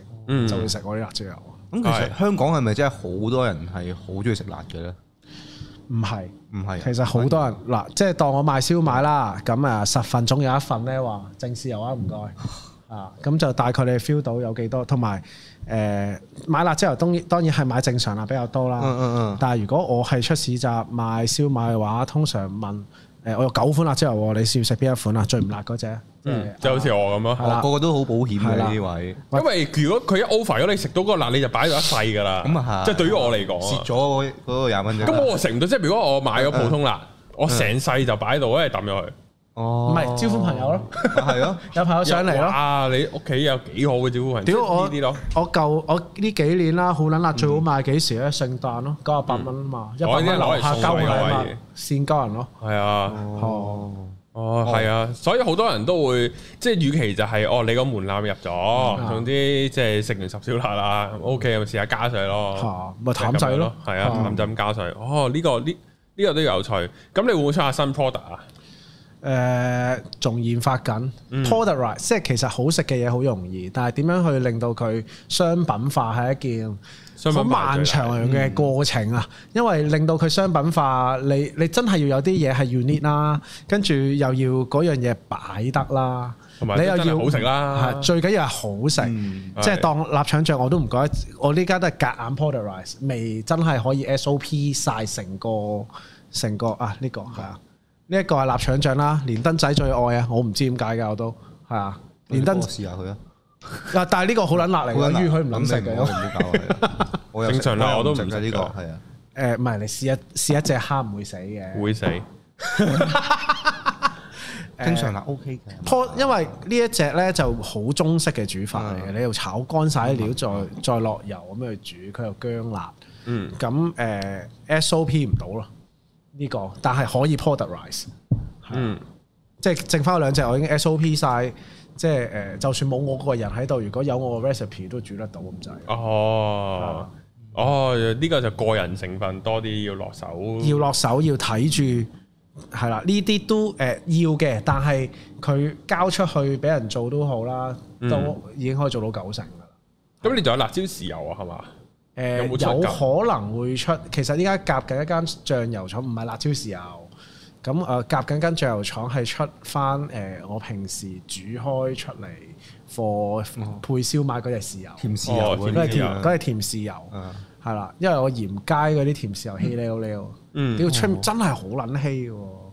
就會食嗰啲辣椒油。咁其實香港係咪真係好多人係好中意食辣嘅咧？唔係唔係，其實好多人嗱，的即係當我賣燒賣啦，咁啊十份總有一份咧話正豉油 啊，唔該啊，咁就大概你 feel 到有幾多，同埋誒買辣椒油，當然當然係買正常辣比較多啦。嗯嗯嗯。但係如果我係出市集賣燒賣嘅話，通常問誒、呃、我有九款辣椒油，你試食邊一款啊？最唔辣嗰隻？嗯，就好似我咁咯，個個都好保險嘅呢啲位，因為如果佢一 offer 咗你食到個辣，你就擺咗一世噶啦。咁啊係，即係對於我嚟講，蝕咗嗰個廿蚊啫。咁我食唔到，即係如果我買咗普通辣，我成世就擺喺度，一係揼入去。哦，唔係招呼朋友咯，係咯，有朋友上嚟咯。啊，你屋企有幾好嘅招呼朋友呢啲咯？我舊我呢幾年啦，好撚辣，最好買幾時咧？聖誕咯，九十八蚊啊嘛，一啲係攞嚟送嘅先交人咯。係啊，哦，係啊，所以好多人都會即係，與其就係哦，你個門檻入咗，總之即係食完十小辣啦，OK，咪試下加水咯，咪淡水咯，係啊，就咁加水，哦，呢個呢呢個都有趣。咁你會唔會出下新 product 啊？誒，仲研發緊 product，即係其實好食嘅嘢好容易，但係點樣去令到佢商品化係一件？好漫長嘅過程啊，嗯、因為令到佢商品化，你你真係要有啲嘢係 unique 啦，跟住又要嗰樣嘢擺得啦，嗯、你又要，好食啦。最緊要係好食，即係、嗯、當臘腸醬我都唔覺得，我呢家都係夾硬，硬 p o r t r i z e 未真係可以 SOP 晒成個成個啊，呢個係啊，呢一個係臘腸醬啦，連登仔最愛啊，我唔知點解㗎，我都係啊，連登，我試下佢啊。啊！但係呢個好撚辣嚟，好冤佢唔諗食嘅。正常啦，我都唔食呢個。係啊。誒，唔係你試一試一隻蝦唔會死嘅。會死。正常啦，OK 嘅。因為呢一隻咧就好中式嘅煮法嚟嘅，你要炒乾晒料，再再落油咁樣去煮，佢又薑辣。嗯。咁誒，SOP 唔到咯，呢個，但係可以 productize。嗯。即係剩翻兩隻，我已經 SOP 晒。即係誒，就算冇我個人喺度，如果有我個 recipe 都煮得到咁滯。哦，哦，呢、呢個就個人成分多啲要落手，手，要落手、呃、要睇住，係啦，呢啲都誒要嘅。但係佢交出去俾人做都好啦，嗯、都已經可以做到九成噶啦。咁你仲有辣椒豉油啊？係嘛？誒、呃、有，有，有可能會出，其實依家夾緊一間醬油廠，唔係辣椒豉油。咁誒夾緊間醬油廠係出翻誒，我平時煮開出嚟貨配燒賣嗰隻豉油，哦，甜豉油，嗰啲甜豉、啊、油，係啦、啊，因為我鹽街嗰啲甜豉油稀咧咧，你要出真係好撚稀嘅。嗯嗯、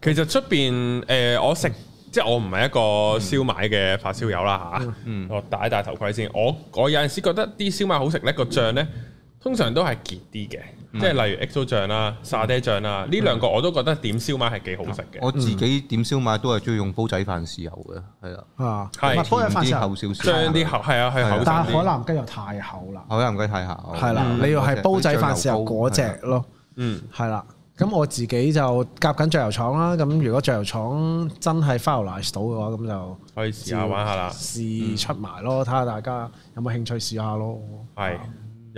其實出邊誒，我食即係我唔係一個燒賣嘅發燒友啦嚇，我戴一戴頭盔先。我我有陣時覺得啲燒賣好食呢，呢個醬呢。嗯通常都係杰啲嘅，即係例如 XO 醬啦、沙爹醬啦，呢兩個我都覺得點燒賣係幾好食嘅。我自己點燒賣都係中意用煲仔飯豉油嘅，係啦。啊，係煲仔飯豉油燒燒，將啲厚係啊，係厚。但係海南雞又太厚啦，海南雞太厚，係啦，你要係煲仔飯豉油嗰隻咯。嗯，係啦。咁我自己就夾緊醬油廠啦。咁如果醬油廠真係 firelight 到嘅話，咁就可以試下玩下啦，試出埋咯，睇下大家有冇興趣試下咯。係。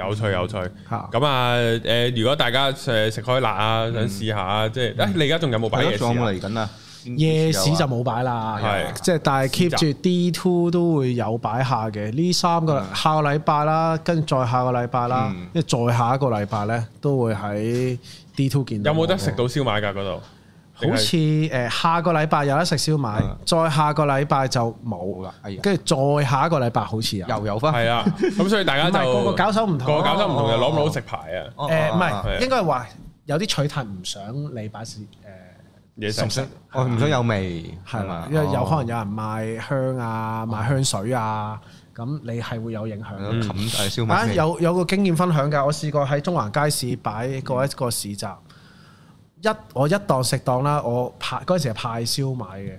有趣有趣，咁、嗯、啊誒、呃，如果大家誒食開辣啊，想試下、嗯、即係誒、哎、你而家仲有冇擺夜市？嚟緊夜市就冇擺啦，係即係但係 keep 住 D Two 都會有擺下嘅。呢三個、嗯、下個禮拜啦，跟住再下個禮拜啦，跟住、嗯、再下一個禮拜咧，都會喺 D Two 見到、嗯。我有冇得食到燒賣㗎嗰度？好似誒下個禮拜有得食燒賣，再下個禮拜就冇啦。跟住再下一個禮拜好似又有翻。係啊，咁所以大家就係個個搞手唔同，個個搞手唔同又攞唔到食牌啊。誒唔係應該係話有啲取態唔想你擺市誒嘢食食，我唔想有味係嘛？因為有可能有人賣香啊、賣香水啊，咁你係會有影響冚大燒賣。有有個經驗分享㗎，我試過喺中環街市擺過一個市集。一我一檔食檔啦，我派嗰陣時係派燒賣嘅，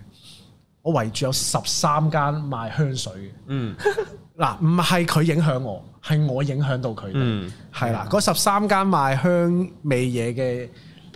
我圍住有十三間賣香水嘅。嗯，嗱，唔係佢影響我，係我影響到佢嘅。嗯， 係啦，嗰十三間賣香味嘢嘅。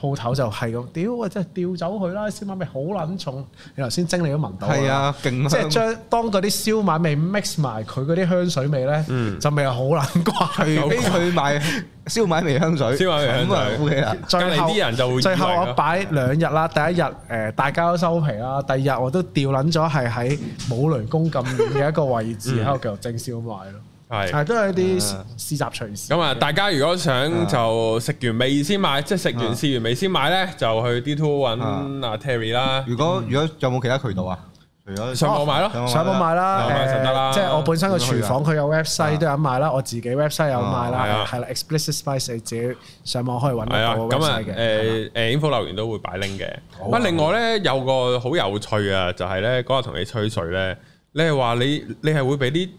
鋪頭就係咁，屌！真係掉走佢啦，燒賣味好撚重。你頭先蒸你都聞到。係啊，勁！即係將當嗰啲燒賣味 mix 埋佢嗰啲香水味咧，就味好撚怪。俾佢賣燒賣味香水。燒賣味香水再嚟，最後啲人就會，最後我擺兩日啦。第一日，誒，大家都收皮啦，第二日我都掉撚咗，係喺武雷宮咁遠嘅一個位置喺度繼續蒸燒賣咯。係，都係一啲市集趣事。咁啊，大家如果想就食完味先買，即係食完試完味先買咧，就去 D Two 揾阿 Terry 啦。如果如果有冇其他渠道啊？除咗上網買咯，上網買啦，即係我本身個廚房佢有 website 都有得買啦，我自己 website 有買啦，係啦，Explicit Spices 自己上網可以揾到。咁啊，誒 Info 留言都會擺拎嘅。啊，另外咧有個好有趣啊，就係咧嗰日同你吹水咧，你係話你你係會俾啲。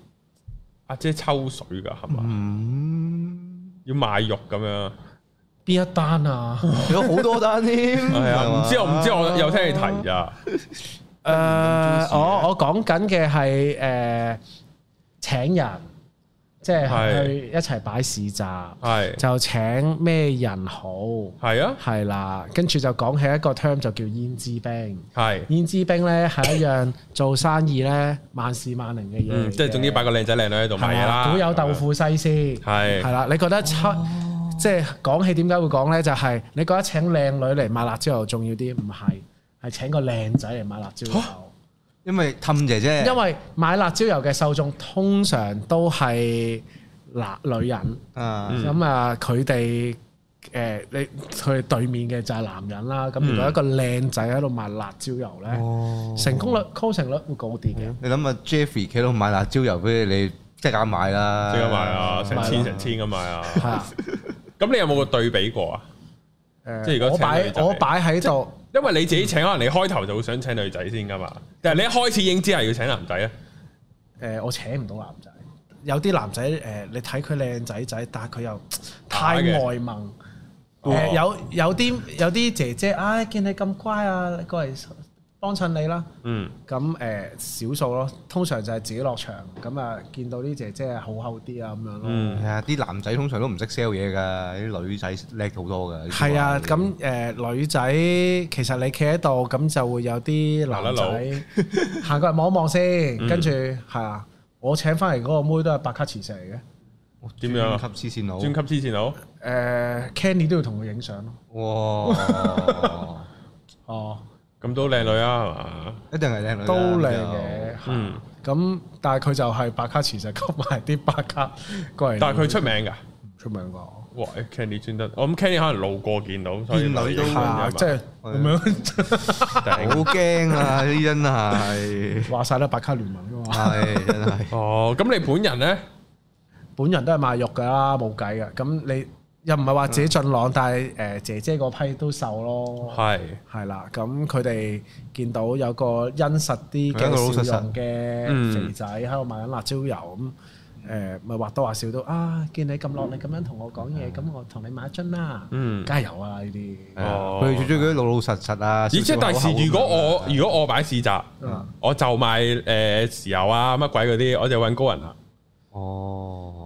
阿姐抽水噶，係嘛？嗯、要賣肉咁樣，邊一單啊？ 有好多單添，係啊！唔知 我唔知我有聽你提咋？誒、呃， 我我講緊嘅係誒請人。即係去一齊擺市集，的就請咩人好？係啊的，係啦，跟住就講起一個 term 就叫胭脂冰。係的，胭脂冰咧係一樣做生意咧萬事萬靈嘅嘢。即係總之擺個靚仔靚女喺度賣嘢啦。古有豆腐西施，係的，係啦。你覺得差？哦、即係講起點解會講咧？就係、是、你覺得請靚女嚟賣辣椒又重要啲？唔係，係請個靚仔嚟賣辣椒。哦。因為氹姐姐，因為買辣椒油嘅受眾通常都係辣女人，咁啊佢哋誒你佢哋對面嘅就係男人啦。咁如果一個靚仔喺度賣辣椒油咧，成功率、call 成率會高啲嘅。你諗啊，Jeffy 企喺度賣辣椒油俾你，即刻買啦！即刻買啊，成千成千咁買啊！咁你有冇個對比過啊？即係如果我擺我擺喺度。因為你自己請，可能你開頭就會想請女仔先噶嘛，但係你一開始已經知係要請男仔啊。誒、呃,我請唔到男仔，有啲男仔誒、呃，你睇佢靚仔仔，但係佢又太外貌。誒，有有啲有啲姐姐啊、哎，見你咁乖啊，過嚟。幫襯你啦，咁誒少數咯，通常就係自己落場，咁啊見到啲姐姐好厚啲啊咁樣咯。係啊，啲男仔通常都唔識 sell 嘢㗎，啲女仔叻好多㗎。係啊，咁誒女仔其實你企喺度咁就會有啲男仔行過嚟望一望先，跟住係啊，我請翻嚟嗰個妹都係白卡磁石嚟嘅。點樣啊？專級黐線佬，專級黐線佬。誒，Candy 都要同佢影相咯。哇！哦。咁都靚女啊，係嘛？一定係靚女，都靚嘅。嗯，咁但係佢就係白卡，其實吸埋啲白卡過嚟。但係佢出名㗎？唔出名㗎？哇！Candy 先得，我諗 Candy 可能路過見到，靚女都即係咁樣，好驚啊！真係話晒啦，白卡聯盟啊嘛，真係。哦，咁你本人咧，本人都係賣肉㗎啦，冇計㗎。咁你？又唔係話自己俊朗，但係誒、呃、姐姐嗰批都瘦咯。係係啦，咁佢哋見到有個殷實啲、嘅善良嘅肥仔喺度賣緊辣椒油咁，誒咪話多話少都啊！見你咁落力咁樣同我講嘢，咁、嗯、我同你買樽啦。嗯，加油啊！呢啲佢最中意老老實實啊。而且、嗯，係第時，如果我如果我擺市集，嗯、我就賣誒豉油啊乜鬼嗰啲，我就揾高人啦。哦。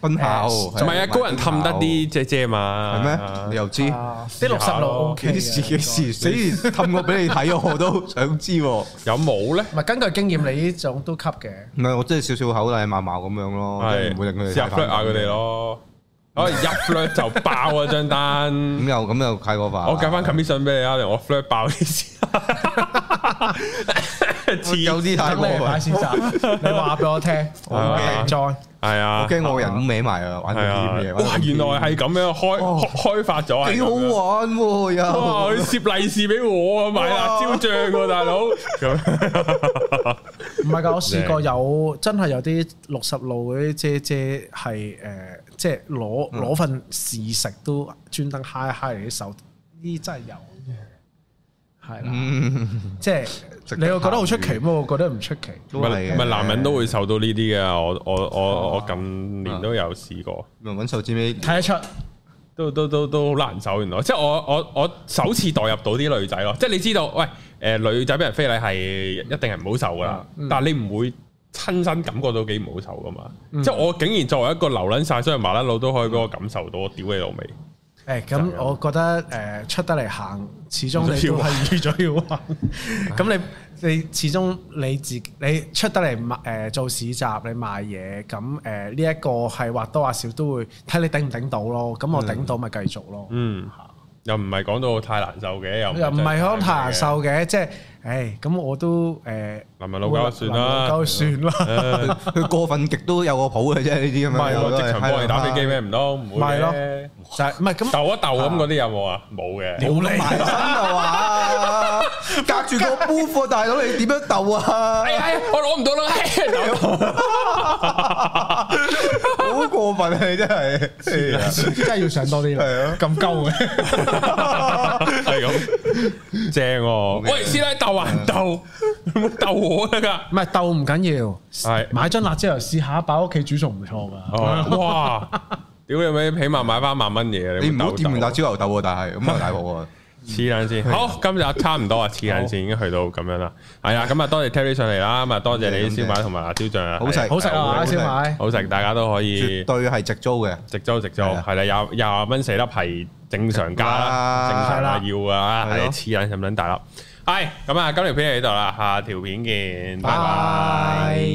分享，唔係啊，高人氹得啲姐姐嘛，係咩？你又知啲六十六 O K，幾時幾時死，氹過俾你睇我都想知，有冇咧？唔係根據經驗，你呢種都吸嘅。唔係我真係少少口，禮貌貌咁樣咯，即係唔會令佢哋。一 flare 佢哋咯，可以一就爆啊張單。咁又咁又快過快。我計翻 commission 俾你啊，我 flare 爆啲。有啲太過先生，你話俾我聽，我驚 join，係啊，我驚我人都歪埋啊！玩啲嘢。哇，原來係咁樣開開發咗，幾好玩喎！佢攝利是俾我啊！買辣椒醬啊，大佬！唔係噶，我試過有真係有啲六十路嗰啲姐姐係誒，即係攞攞份試食都專登嗨嗨你啲手，呢真係有。係啦， 即係你又覺得好出奇，不過我覺得唔出奇。唔係、 啊嗯、男人都會受到呢啲嘅，我我我、啊、我近年都有試過。揾揾手指尾睇得出，都都都都好難受。原來即係我我我,我首次代入到啲女仔咯。即係你知道，喂誒、呃、女仔俾人非禮係一定係唔好受噶啦。嗯嗯、但係你唔會親身感覺到幾唔好受噶嘛。嗯嗯、即係我竟然作為一個流撚曬所以麻甩佬，都可以俾我感受到我屌你老味。誒咁，欸、我覺得誒、呃、出得嚟行，始終你都係預咗要行。咁 你你始終你自己你出得嚟賣、呃、做市集，你賣嘢，咁誒呢一個係或多或少都會睇你頂唔頂到咯。咁我頂到咪繼續咯。嗯。嗯。又唔係講到太難受嘅，又又唔係講太難受嘅，即係，唉，咁我都誒，攬埋老狗算啦，老狗算啦，佢過分極都有個譜嘅啫，呢啲咁樣，唔係我即場幫你打飛機咩？唔通，唔會嘅，就係唔係咁鬥一鬥咁嗰啲有冇啊？冇嘅，好難身啊嘛，隔住個 buff 大佬你點樣鬥啊？我攞唔到啦。問你真係，真係要上多啲啦。咁鳩嘅，係咁 正、啊。喂，師奶鬥還鬥，你鬥我啦、啊？噶唔係鬥唔緊要緊，係是買樽辣椒油試下，擺屋企煮仲唔錯噶。錯啊、哇，屌你咪，起碼買翻萬蚊嘢。你唔好點辣椒油鬥，但係咁又大鑊喎。 黐撚線，好，今日差唔多啊，黐撚線已經去到咁樣啦，係啊，咁啊，多謝 Terry 上嚟啦，咁啊，多謝你啲燒賣同埋辣椒醬啊，好食，好食啊，燒賣，好食，大家都可以，絕對係直租嘅，直租直租，係啦，廿廿蚊四粒係正常價啦，正常啦，要啊，係黐捻咁撚大粒，係，咁啊，今條片係呢度啦，下條片見，拜拜。